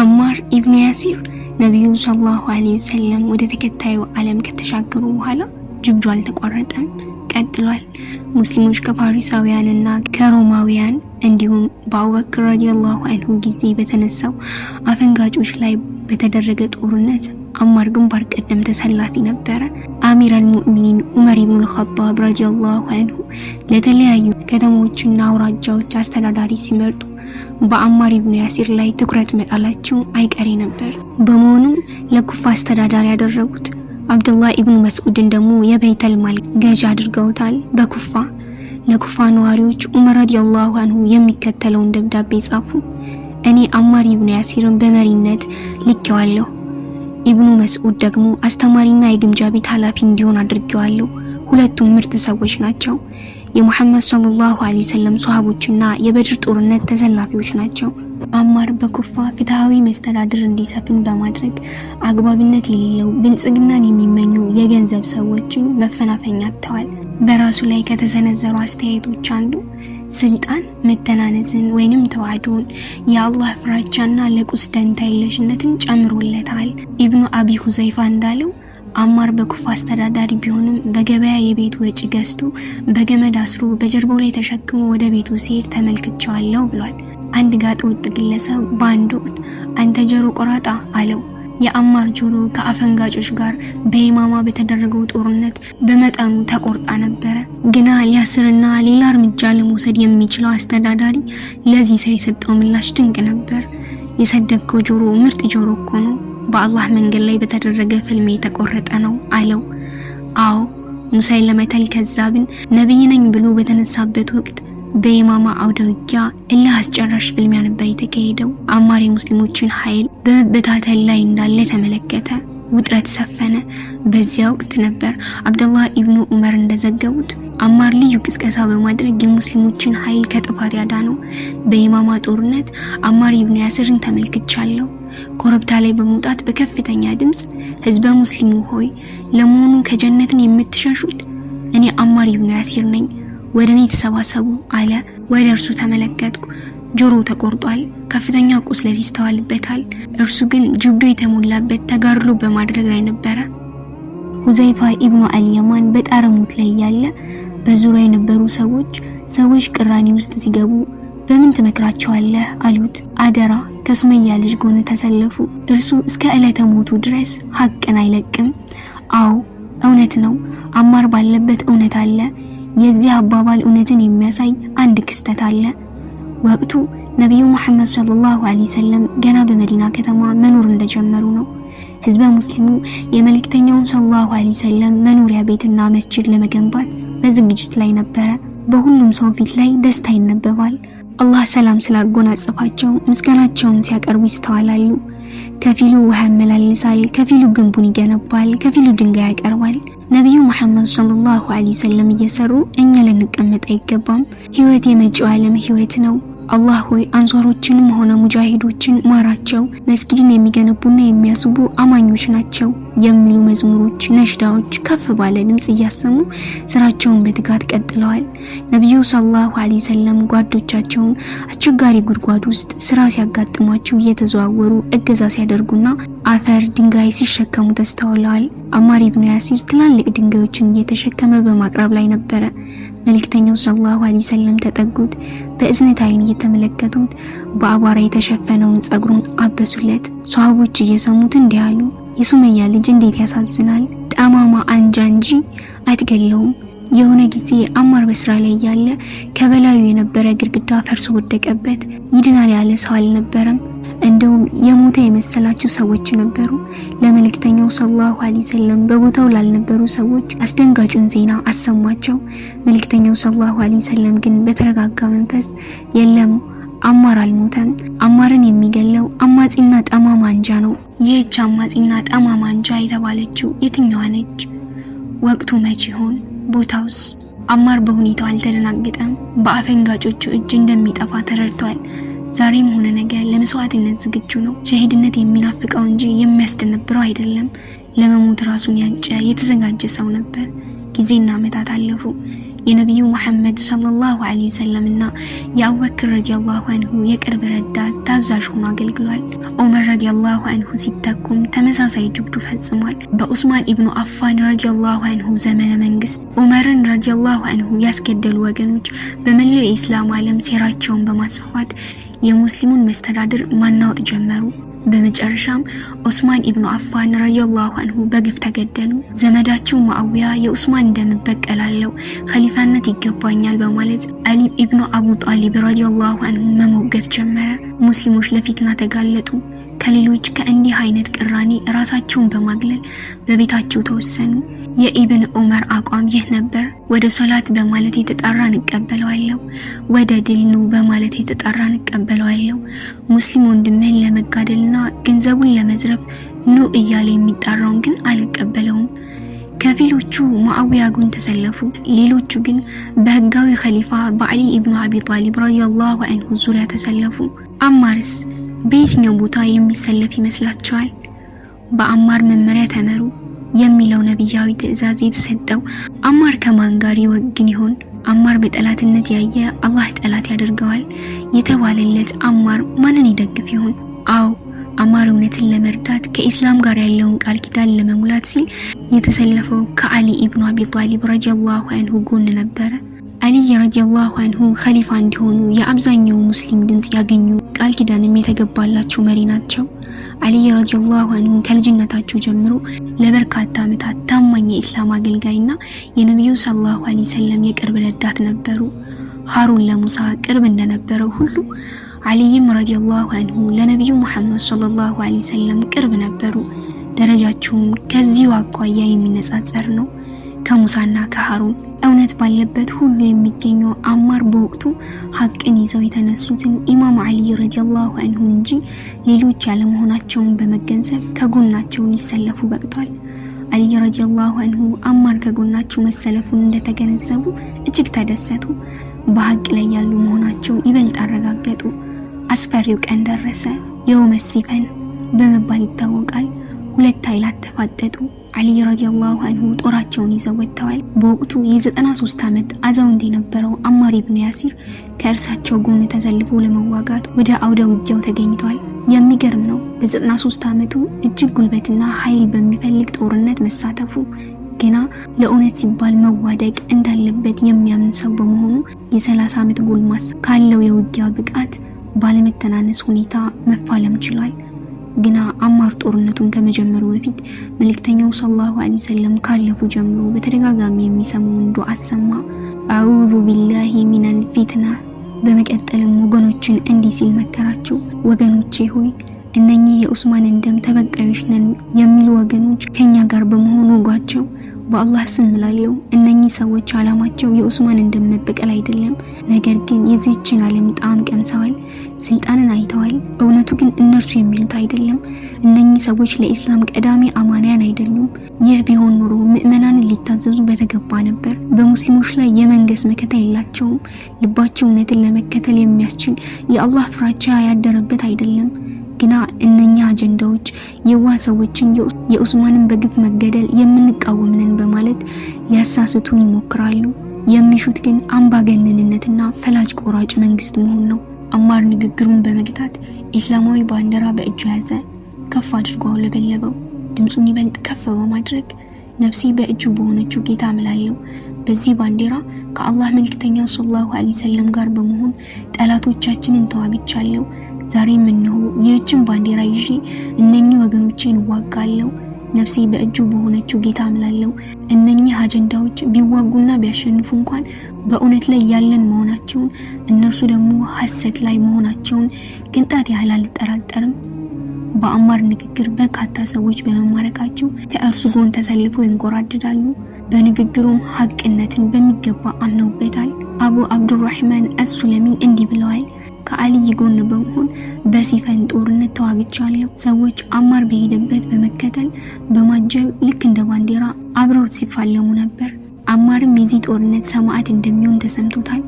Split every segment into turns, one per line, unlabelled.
አማር ኢብኑ ያሲር ነቢዩ ሰለላሁ ዐለይሂ ወሰለም ወደ ተከታዩ ዓለም ከተሻገሩ በኋላ ጅብዱ አልተቋረጠም፣ ቀጥሏል። ሙስሊሞች ከፓሪሳውያንና ከሮማውያን እንዲሁም በአቡበክር ረዲየላሁ አንሁ ጊዜ በተነሳው አፈንጋጮች ላይ በተደረገ ጦርነት አማር ግንባር ቀደም ተሰላፊ ነበረ። አሚር አልሙእሚኒን ዑመር ኢብኑል ኸጣብ ረዲየላሁ አንሁ ለተለያዩ ከተሞችና አውራጃዎች አስተዳዳሪ ሲመርጡ በአማር ኢብኑ ያሲር ላይ ትኩረት መጣላቸው አይቀሬ ነበር። በመሆኑም ለኩፋ አስተዳዳሪ ያደረጉት አብዱላህ ኢብኑ መስዑድን ደግሞ የበይተል ማል ገዢ አድርገውታል። በኩፋ ለኩፋ ነዋሪዎች ዑመር ረዲየላሁ አንሁ የሚከተለውን ደብዳቤ ጻፉ። እኔ አማር ኢብኑ ያሲርን በመሪነት ልኬዋለሁ። ኢብኑ መስዑድ ደግሞ አስተማሪና የግምጃ ቤት ኃላፊ እንዲሆን አድርጌዋለሁ። ሁለቱም ምርጥ ሰዎች ናቸው። የሙሐመድ ሰለላሁ ዐለይሂ ወሰለም ሷሃቦችና የበድር ጦርነት ተሰላፊዎች ናቸው። አማር በኩፋ ፍትሃዊ መስተዳድር እንዲሰፍን በማድረግ አግባብነት የሌለው ብልጽግናን የሚመኙ የገንዘብ ሰዎችን መፈናፈኛ አጥተዋል። በራሱ ላይ ከተሰነዘሩ አስተያየቶች አንዱ ስልጣን መተናነስን ወይንም ተዋህዶን የአላህ ፍራቻና ለቁስ ደንታ የለሽነትን ጨምሮለታል። ኢብኑ አቢ ሁዘይፋ እንዳለው አማር በኩፍ አስተዳዳሪ ቢሆንም በገበያ የቤት ወጪ ገዝቶ በገመድ አስሮ በጀርባው ላይ ተሸክሞ ወደ ቤቱ ሲሄድ ተመልክቸዋለሁ ብሏል። አንድ ጋጥ ወጥ ግለሰብ በአንድ ወቅት አንተ ጆሮ ቆራጣ አለው። የአማር ጆሮ ከአፈንጋጮች ጋር በየማማ በተደረገው ጦርነት በመጠኑ ተቆርጣ ነበረ። ግና ሊያስርና ሌላ እርምጃ ለመውሰድ የሚችለው አስተዳዳሪ ለዚህ ሰው የሰጠው ምላሽ ድንቅ ነበር። የሰደብከው ጆሮ ምርጥ ጆሮ እኮ ነው። በአላህ መንገድ ላይ በተደረገ ፍልሜ የተቆረጠ ነው አለው። አዎ ለመተል ከዛብን ነቢይ ነኝ ብሎ በተነሳበት ወቅት በኢማማ አውደ ውጊያ እልህ አስጨራሽ ፍልሚያ ነበር የተካሄደው። አማር የሙስሊሞችን ኃይል በመበታተል ላይ እንዳለ ተመለከተ። ውጥረት ሰፈነ። በዚያ ወቅት ነበር አብደላህ ኢብኑ ዑመር እንደዘገቡት አማር ልዩ ቅስቀሳ በማድረግ የሙስሊሞችን ኃይል ከጥፋት ያዳነው። በኢማማ ጦርነት አማር ኢብኑ ያስርን ተመልክቻለሁ። ኮረብታ ላይ በመውጣት በከፍተኛ ድምፅ ህዝበ ሙስሊሙ ሆይ ለመሆኑ ከጀነትን የምትሸሹት? እኔ አማር ኢብኑ ያሲር ነኝ፣ ወደ እኔ ተሰባሰቡ አለ። ወደ እርሱ ተመለከትኩ። ጆሮ ተቆርጧል። ከፍተኛ ቁስለት ይስተዋልበታል። እርሱ ግን ጅብዶ የተሞላበት ተጋድሎ በማድረግ ላይ ነበረ። ሁዘይፋ ኢብኑ አልየማን በጣረሙት ላይ እያለ በዙሪያ የነበሩ ሰዎች ሰዎች ቅራኔ ውስጥ ሲገቡ በምን ትመክራቸዋለህ? አሉት። አደራ ከሱመያ ልጅ ጎን ተሰለፉ። እርሱ እስከ ዕለተ ሞቱ ድረስ ሀቅን አይለቅም። አዎ እውነት ነው። አማር ባለበት እውነት አለ። የዚህ አባባል እውነትን የሚያሳይ አንድ ክስተት አለ። ወቅቱ ነቢዩ መሐመድ ሰለላሁ ዐለይሂ ወሰለም ገና በመዲና ከተማ መኖር እንደጀመሩ ነው። ህዝበ ሙስሊሙ የመልክተኛውን ሰለላሁ ዐለይሂ ወሰለም መኖሪያ ቤትና መስጂድ ለመገንባት በዝግጅት ላይ ነበረ። በሁሉም ሰው ፊት ላይ ደስታ ይነበባል። አላህ ሰላም ስላጎናጸፋቸው ምስጋናቸውን ሲያቀርቡ ይስተዋላሉ። ከፊሉ ውሃ ያመላልሳል፣ ከፊሉ ግንቡን ይገነባል፣ ከፊሉ ድንጋይ ያቀርባል። ነቢዩ መሐመድ ሰለላሁ ዐለይሂ ወሰለም እየሰሩ እኛ ልንቀመጥ አይገባም። ህይወት የመጪው ዓለም ህይወት ነው። አላህ ሆይ አንሷሮችንም ሆነ ሙጃሂዶችን ማራቸው፣ መስጊድን የሚገነቡና የሚያስቡ አማኞች ናቸው የሚሉ መዝሙሮች፣ ነሽዳዎች ከፍ ባለ ድምፅ እያሰሙ ስራቸውን በትጋት ቀጥለዋል። ነቢዩ ሰለላሁ ዐለይሂ ወሰለም ጓዶቻቸውን አስቸጋሪ ጉድጓድ ውስጥ ስራ ሲያጋጥሟቸው እየተዘዋወሩ እገዛ ሲያደርጉና አፈር ድንጋይ ሲሸከሙ ተስተውለዋል። አማር ኢብኑ ያሲር ትላልቅ ድንጋዮችን እየተሸከመ በማቅረብ ላይ ነበረ። መልክተኛው ሰለላሁ ዐለይሂ ወሰለም ተጠጉት። በእዝነት አይን እየተመለከቱት በአቧራ የተሸፈነውን ጸጉሩን አበሱለት። ሷሃቦች እየሰሙት እንዲህ አሉ፣ የሱመያ ልጅ እንዴት ያሳዝናል! ጠማማ አንጃ እንጂ አትገለውም። የሆነ ጊዜ አማር በስራ ላይ እያለ ከበላዩ የነበረ ግድግዳ ፈርሶ ወደቀበት። ይድናል ያለ ሰው አልነበረም። እንደውም የሞተ የመሰላቸው ሰዎች ነበሩ። ለመልእክተኛው ሰለላሁ ዐለይሂ ወሰለም በቦታው ላልነበሩ ሰዎች አስደንጋጩን ዜና አሰሟቸው። መልእክተኛው ሰለላሁ ዐለይሂ ወሰለም ግን በተረጋጋ መንፈስ የለም አማር አልሞተም፣ አማርን የሚገለው አማጺና ጠማማ አንጃ ነው። ይህች አማጺና ጠማማ አንጃ የተባለችው የትኛዋ ነች? ወቅቱ መቼ ይሆን? ቦታውስ? አማር በሁኔታው አልተደናገጠም። በአፈንጋጮቹ እጅ እንደሚጠፋ ተረድቷል። ዛሬም ሆነ ነገ ለመስዋዕትነት ዝግጁ ነው። ሸሂድነት የሚናፍቀው እንጂ የሚያስደነብረው አይደለም። ለመሞት ራሱን ያጨ የተዘጋጀ ሰው ነበር። ጊዜና ዓመታት አለፉ። የነቢዩ መሐመድ ሰለላሁ ዐለይሂ ወሰለም እና የአቡበክር ረዲየላሁ አንሁ የቅርብ ረዳት ታዛዥ ሆኖ አገልግሏል። ዑመር ረዲየላሁ አንሁ ሲተኩም ተመሳሳይ ጅብዱ ፈጽሟል። በኡስማን ኢብኑ አፋን ረዲየላሁ አንሁ ዘመነ መንግስት ዑመርን ረዲየላሁ አንሁ ያስገደሉ ወገኖች በመላው የኢስላም ዓለም ሴራቸውን በማስፋፋት የሙስሊሙን መስተዳድር ማናወጥ ጀመሩ። በመጨረሻም ዑስማን ኢብኑ አፋን ረዲየላሁ አንሁ በግፍ ተገደሉ። ዘመዳቸው ማዕዊያ የኡስማን እንደምበቀላለው ኸሊፋነት ይገባኛል በማለት አሊ ኢብኑ አቡ ጣሊብ ረዲየላሁ አንሁ መሞገት ጀመረ። ሙስሊሞች ለፊትና ተጋለጡ። ከሌሎች ከእንዲህ አይነት ቅራኔ ራሳቸውን በማግለል በቤታቸው ተወሰኑ። የኢብን ዑመር አቋም ይህ ነበር። ወደ ሶላት በማለት የተጣራ እንቀበለዋለሁ፣ ወደ ድል ኑ በማለት የተጣራ እንቀበለዋለሁ። ሙስሊም ወንድምህን ለመጋደልና ገንዘቡን ለመዝረፍ ኑ እያለ የሚጣራውን ግን አልቀበለውም። ከፊሎቹ ሙአዊያ ጎን ተሰለፉ። ሌሎቹ ግን በህጋዊ ኸሊፋ በአሊ ኢብኑ አቢ ጣሊብ ረዲየላሁ አንሁ ዙሪያ ተሰለፉ። አማርስ በየትኛው ቦታ የሚሰለፍ ይመስላችኋል? በአማር መመሪያ ተመሩ። ጊዜያዊ ትዕዛዝ የተሰጠው አማር ከማን ጋር ይወግን ይሆን? አማር በጠላትነት ያየ አላህ ጠላት ያደርገዋል የተባለለት አማር ማንን ይደግፍ ይሆን? አዎ አማር እውነትን ለመርዳት ከኢስላም ጋር ያለውን ቃል ኪዳን ለመሙላት ሲል የተሰለፈው ከአሊ ኢብኑ አቢ ጣሊብ ረዲየላሁ አንሁ ጎን ነበረ። አሊ ረዲየላሁ አንሁ ኸሊፋ እንዲሆኑ የአብዛኛው ሙስሊም ድምፅ ያገኙ ቃል ኪዳንም የተገባላቸው መሪ ናቸው። አልይ ረዲየላሁ አንሁ ከልጅነታቸው ጀምሮ ለበርካታ ዓመታት ታማኝ የኢስላም አገልጋይና የነቢዩ ሰለላሁ ዐለይሂ ወሰለም የቅርብ ረዳት ነበሩ። ሀሩን ለሙሳ ቅርብ እንደነበረው ሁሉ አልይም ረዲየላሁ አንሁ ለነቢዩ ሙሐመድ ሰለላሁ ዐለይሂ ወሰለም ቅርብ ነበሩ። ደረጃቸውም ከዚሁ አኳያ የሚነጻጸር ነው። ከሙሳና ከሃሩን እውነት ባለበት ሁሉ የሚገኘው አማር በወቅቱ ሀቅን ይዘው የተነሱትን ኢማም አሊ ረዲየላሁ አንሁ እንጂ ሌሎች ያለመሆናቸውን በመገንዘብ ከጎናቸው ሊሰለፉ በቅቷል። አሊ ረዲየላሁ አንሁ አማር ከጎናቸው መሰለፉን እንደተገነዘቡ እጅግ ተደሰቱ። በሀቅ ላይ ያሉ መሆናቸው ይበልጥ አረጋገጡ። አስፈሪው ቀን ደረሰ። የውመት ሲፈን በመባል ይታወቃል። ሁለት ኃይላት ተፋጠጡ። አሊ ረዲያላሁ አንሁ ጦራቸውን ይዘው ወጥተዋል። በወቅቱ የ93 ዓመት አዛውንት የነበረው አማር ኢብኑ ያሲር ከእርሳቸው ጎን ተሰልፎ ለመዋጋት ወደ አውደ ውጊያው ተገኝቷል። የሚገርም ነው። በ93 ዓመቱ እጅግ ጉልበትና ኃይል በሚፈልግ ጦርነት መሳተፉ ገና ለእውነት ሲባል መዋደቅ እንዳለበት የሚያምን ሰው በመሆኑ የ30 ዓመት ጎልማሳ ካለው የውጊያ ብቃት ባለመተናነስ ሁኔታ መፋለም ችሏል። ግና አማር ጦርነቱን ከመጀመሩ በፊት መልእክተኛው ሰለላሁ ዐለይሂ ወሰለም ካለፉ ጀምሮ በተደጋጋሚ የሚሰማውን ዱዓ አሰማ። አዑዙ ቢላሂ ሚናል ፊትና። በመቀጠልም ወገኖችን እንዲህ ሲል መከራቸው። ወገኖቼ ሆይ እነኚህ የዑስማን ደም ተበቃዮች ነን የሚሉ ወገኖች ከኛ ጋር በመሆኑ ወጓቸው በአላህ ስም ላለው እነኚህ ሰዎች አላማቸው የኡስማንን እንደመበቀል አይደለም። ነገር ግን የዚህችን ዓለም ጣዕም ቀምሰዋል፣ ስልጣንን አይተዋል። እውነቱ ግን እነርሱ የሚሉት አይደለም። እነኚህ ሰዎች ለኢስላም ቀዳሚ አማንያን አይደሉም። ይህ ቢሆን ኖሮ ምእመናንን ሊታዘዙ በተገባ ነበር። በሙስሊሞች ላይ የመንገስ መከታ የላቸውም። ልባቸው እውነትን ለመከተል የሚያስችል የአላህ ፍራቻ ያደረበት አይደለም። ግና እነኛ አጀንዳዎች የዋ ሰዎችን የኡስማንን በግፍ መገደል የምንቃወምንን በማለት ሊያሳስቱን ይሞክራሉ። የሚሹት ግን አምባገነንነትና ፈላጭ ቆራጭ መንግስት መሆን ነው። አማር ንግግሩን በመግታት ኢስላማዊ ባንዲራ በእጁ ያዘ። ከፍ አድርጎ አውለበለበው። ድምፁን ይበልጥ ከፍ በማድረግ ነፍሴ በእጁ በሆነችው ጌታ ምላለው። በዚህ ባንዲራ ከአላህ መልክተኛ ሰለላሁ ዐለይሂ ወሰለም ጋር በመሆን ጠላቶቻችንን ተዋግቻለሁ። ዛሬም እነሆ ይህችን ባንዲራ ይዤ እነኚህ ወገኖቼን እዋጋለሁ፣ ነፍሴ በእጁ በሆነችው ጌታ አምላለሁ። እነኚህ አጀንዳዎች ቢዋጉና ቢያሸንፉ እንኳን በእውነት ላይ ያለን መሆናቸውን እነርሱ ደግሞ ሐሰት ላይ መሆናቸውን ቅንጣት ያህል አልጠራጠርም። በአማር ንግግር በርካታ ሰዎች በመማረካቸው ከእርሱ ጎን ተሰልፈው ይንጎራድዳሉ። በንግግሩም ሀቅነትን በሚገባ አምነውበታል። አቡ አብዱራህማን አሱለሚ እንዲህ ብለዋል። ከአልይ ጎን በመሆን በሲፈን ጦርነት ተዋግቻለሁ። ሰዎች አማር በሄደበት በመከተል በማጀብ ልክ እንደ ባንዲራ አብረውት ሲፋለሙ ነበር። አማርም የዚህ ጦርነት ሰማዕት እንደሚሆን ተሰምቶታል።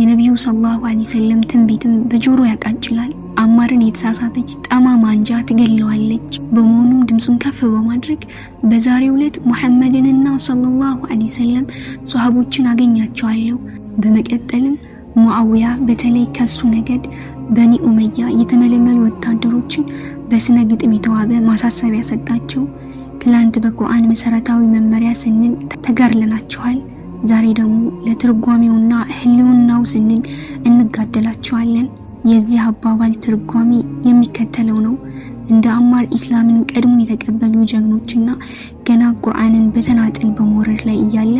የነቢዩ ሰለላሁ ዐለይሂ ወሰለም ትንቢትም በጆሮ ያቃጭላል። አማርን የተሳሳተች ጠማማ አንጃ ትገለዋለች። በመሆኑም ድምፁን ከፍ በማድረግ በዛሬው ዕለት ሙሐመድንና ሰለላሁ ዐለይሂ ወሰለም ሶሃቦችን አገኛቸዋለሁ። በመቀጠልም ሙአውያ በተለይ ከሱ ነገድ በኒ ኡመያ የተመለመሉ ወታደሮችን በስነ ግጥም የተዋበ ማሳሰቢያ ሰጣቸው። ትላንት በቁርአን መሰረታዊ መመሪያ ስንል ተጋርለናችኋል። ዛሬ ደግሞ ለትርጓሜውና ህልውናው ስንል እንጋደላችኋለን። የዚህ አባባል ትርጓሜ የሚከተለው ነው። እንደ አማር ኢስላምን ቀድሞ የተቀበሉ ጀግኖችና ገና ቁርአንን በተናጥል በመውረድ ላይ እያለ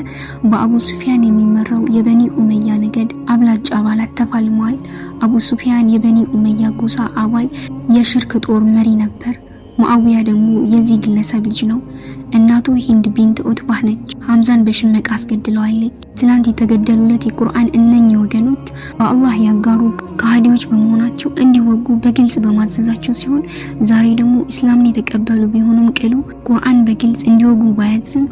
በአቡ ሱፊያን የሚመራው የበኒ ኡመያ ነገድ አብላጭ አባላት ተፋልመዋል። አቡ ሱፊያን የበኒ ኡመያ ጎሳ አባል የሽርክ ጦር መሪ ነበር። ሙአዊያ ደግሞ የዚህ ግለሰብ ልጅ ነው። እናቱ ሂንድ ቢንት ኡትባህ ነች። ሐምዛን በሽመቅ አስገድለዋለች። ትላንት የተገደሉለት የቁርአን እነኚህ ወገኖች በአላህ ያጋሩ ከሃዲዎች በመሆናቸው እንዲወጉ በግልጽ በማዘዛቸው ሲሆን ዛሬ ደግሞ ኢስላምን የተቀበሉ ቢሆኑም ቅሉ ቁርአን በግልጽ እንዲወጉ ባያዝም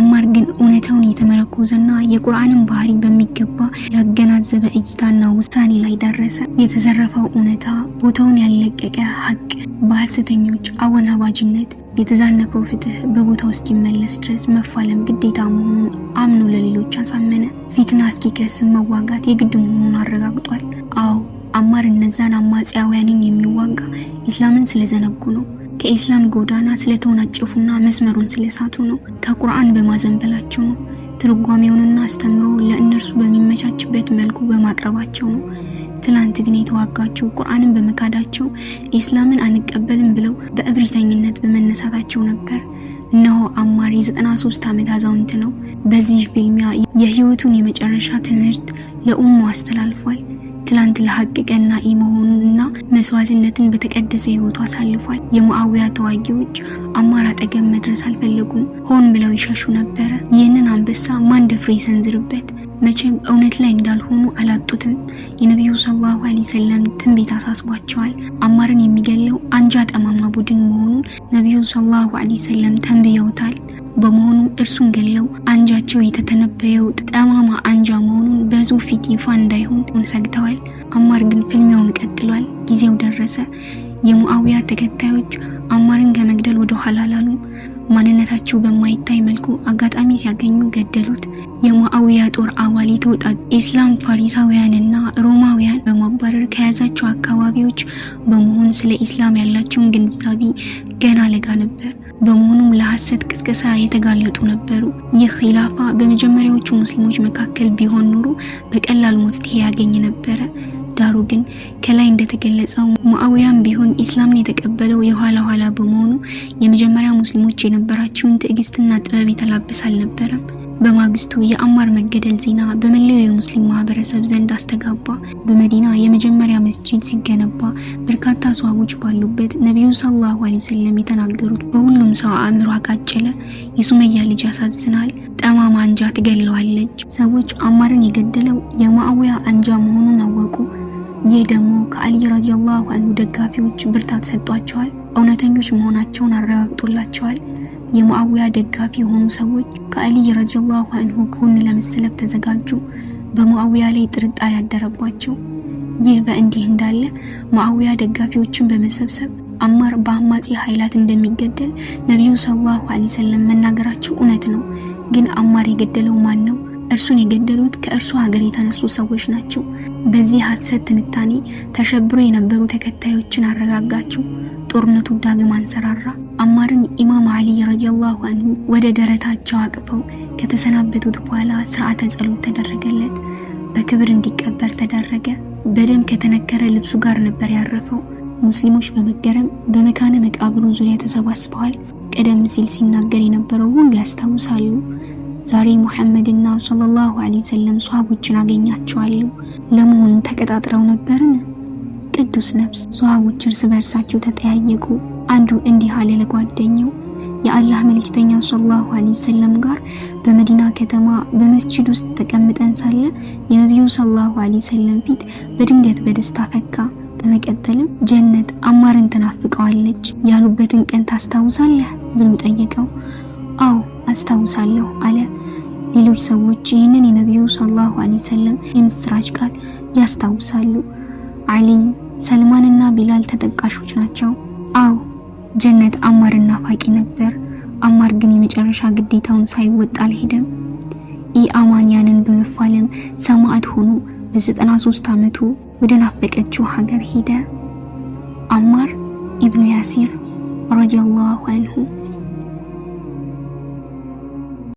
አማር ግን እውነታውን የተመረኮዘና የቁርአንን ባህሪ በሚገባ ያገናዘበ እይታና ውሳኔ ላይ ደረሰ። የተዘረፈው እውነታ ቦታውን ያለቀቀ ሀቅ በሐሰተኞች አወናባጅነት የተዛነፈው ፍትህ በቦታው እስኪመለስ ድረስ መፋለም ግዴታ መሆኑን አምኖ ለሌሎች አሳመነ። ፊትን አስኪከስ መዋጋት የግድ መሆኑን አረጋግጧል። አዎ አማር እነዛን አማጽያውያንን የሚዋጋ ኢስላምን ስለዘነጉ ነው። ከኢስላም ጎዳና ስለተወናጨፉና መስመሩን ስለሳቱ ነው። ከቁርአን በማዘንበላቸው ነው። ትርጓሜውንና አስተምሮ ለእነርሱ በሚመቻችበት መልኩ በማቅረባቸው ነው። ትላንት ግን የተዋጋችው ቁርአንን በመካዳቸው ኢስላምን አንቀበልም ብለው በእብሪተኝነት በመነሳታቸው ነበር። እነሆ አማር የ93 ዓመት አዛውንት ነው። በዚህ ፊልሚያ የህይወቱን የመጨረሻ ትምህርት ለኡሙ አስተላልፏል። ትላንት ለሀቅ ቀና መሆኑንና መስዋዕትነትን በተቀደሰ ህይወቱ አሳልፏል። የሙአዊያ ተዋጊዎች አማር አጠገብ መድረስ አልፈለጉም። ሆን ብለው ይሸሹ ነበረ። ይህንን አንበሳ ማን ደፍሮ ይሰንዝርበት? መቼም እውነት ላይ እንዳልሆኑ አላጡትም። የነቢዩ ሰለላሁ ዐለይሂ ወሰለም ትንቢት አሳስቧቸዋል። አማርን የሚገለው አንጃ ጠማማ ቡድን መሆኑን ነቢዩ ሰለላሁ ዐለይሂ ወሰለም ተንብየውታል። በመሆኑም እርሱን ገለው አንጃቸው የተተነበየው ጠማማ አንጃ መሆኑን በህዝቡ ፊት ይፋ እንዳይሆን ሰግተዋል። አማር ግን ፍልሚያውን ቀጥሏል። ጊዜው ደረሰ። የሙአዊያ ተከታዮች አማርን ከመግደል ወደ ኋላ አላሉም። ማንነታቸው በማይታይ መልኩ አጋጣሚ ሲያገኙ ገደሉት። የሙአዊያ ጦር አባል የተውጣጡ ኢስላም ፋሪሳውያንና ሮማውያን በማባረር ከያዛቸው አካባቢዎች በመሆን ስለ ኢስላም ያላቸውን ግንዛቤ ገና ለጋ ነበር። በመሆኑም ለሐሰት ቅስቀሳ የተጋለጡ ነበሩ። ይህ ሂላፋ በመጀመሪያዎቹ ሙስሊሞች መካከል ቢሆን ኖሮ በቀላሉ መፍትሄ ያገኝ ነበረ። ዳሩ ግን ከላይ እንደተገለጸው ሙአዊያም ቢሆን ኢስላምን የተቀበለው የኋላ ኋላ በመሆኑ የመጀመሪያ ሙስሊሞች የነበራቸውን ትዕግስትና ጥበብ የተላበሰ አልነበረም። በማግስቱ የአማር መገደል ዜና በመላው የሙስሊም ማህበረሰብ ዘንድ አስተጋባ። በመዲና የመጀመሪያ መስጂድ ሲገነባ በርካታ ሰዋቦች ባሉበት ነቢዩ ሰለላሁ ዐለይሂ ወሰለም የተናገሩት በሁሉም ሰው አእምሮ አቃጨለ። የሱመያ ልጅ ያሳዝናል፣ ጠማማ አንጃ ትገለዋለች። ሰዎች አማርን የገደለው የማዕውያ አንጃ መሆኑን አወቁ። ይህ ደግሞ ከአሊ ረዲየላሁ አንሁ ደጋፊዎች ብርታት ሰጧቸዋል፣ እውነተኞች መሆናቸውን አረጋግጦላቸዋል። የሙአዊያ ደጋፊ የሆኑ ሰዎች ከአሊ ረዲየላሁ አንሁ ጎን ለመሰለፍ ተዘጋጁ። በሙአዊያ ላይ ጥርጣሬ ያደረባቸው። ይህ በእንዲህ እንዳለ ሙአዊያ ደጋፊዎችን በመሰብሰብ አማር በአማጺ ኃይላት እንደሚገደል ነቢዩ ሰለላሁ ዐለይሂ ወሰለም መናገራቸው እውነት ነው። ግን አማር የገደለው ማን ነው? እርሱን የገደሉት ከእርሱ ሀገር የተነሱ ሰዎች ናቸው። በዚህ ሐሰት ትንታኔ ተሸብሮ የነበሩ ተከታዮችን አረጋጋቸው። ጦርነቱ ዳግም አንሰራራ። አማርን ኢማም አሊ ረዲየላሁ አንሁ ወደ ደረታቸው አቅፈው ከተሰናበቱት በኋላ ስርዓተ ጸሎት ተደረገለት። በክብር እንዲቀበር ተደረገ። በደም ከተነከረ ልብሱ ጋር ነበር ያረፈው። ሙስሊሞች በመገረም በመካነ መቃብሩ ዙሪያ ተሰባስበዋል። ቀደም ሲል ሲናገር የነበረው ሁሉ ያስታውሳሉ። ዛሬ ሙሐመድና ሰለላሁ ዐለይሂ ወሰለም ሷቦችን አገኛቸዋለሁ። ለመሆኑ ተቀጣጥረው ነበርን? ቅዱስ ነፍስ ሷቦች እርስ በእርሳቸው ተጠያየቁ። አንዱ እንዲህ አለ ለጓደኛው የአላህ መልእክተኛ ሰለላሁ ዐለይሂ ወሰለም ጋር በመዲና ከተማ በመስጂድ ውስጥ ተቀምጠን ሳለ የነቢዩ ሰለላሁ ዐለይሂ ወሰለም ፊት በድንገት በደስታ ፈካ። በመቀጠልም ጀነት አማርን ትናፍቀዋለች ያሉበትን ቀን ታስታውሳለህ ብሎ ጠየቀው። አዎ አስታውሳለሁ አለ። ሌሎች ሰዎች ይህንን የነቢዩ ሰለላሁ ዐለይሂ ወሰለም የምስራች ቃል ያስታውሳሉ። አሊ፣ ሰልማንና ቢላል ተጠቃሾች ናቸው። አው ጀነት አማር ናፋቂ ነበር። አማር ግን የመጨረሻ ግዴታውን ሳይወጣ አልሄደም። ኢአማንያንን በመፋለም ሰማዕት ሆኖ በ93 ዓመቱ ወደ ናፈቀችው ሀገር ሄደ። አማር ኢብኑ ያሲር ረዲየላሁ አንሁ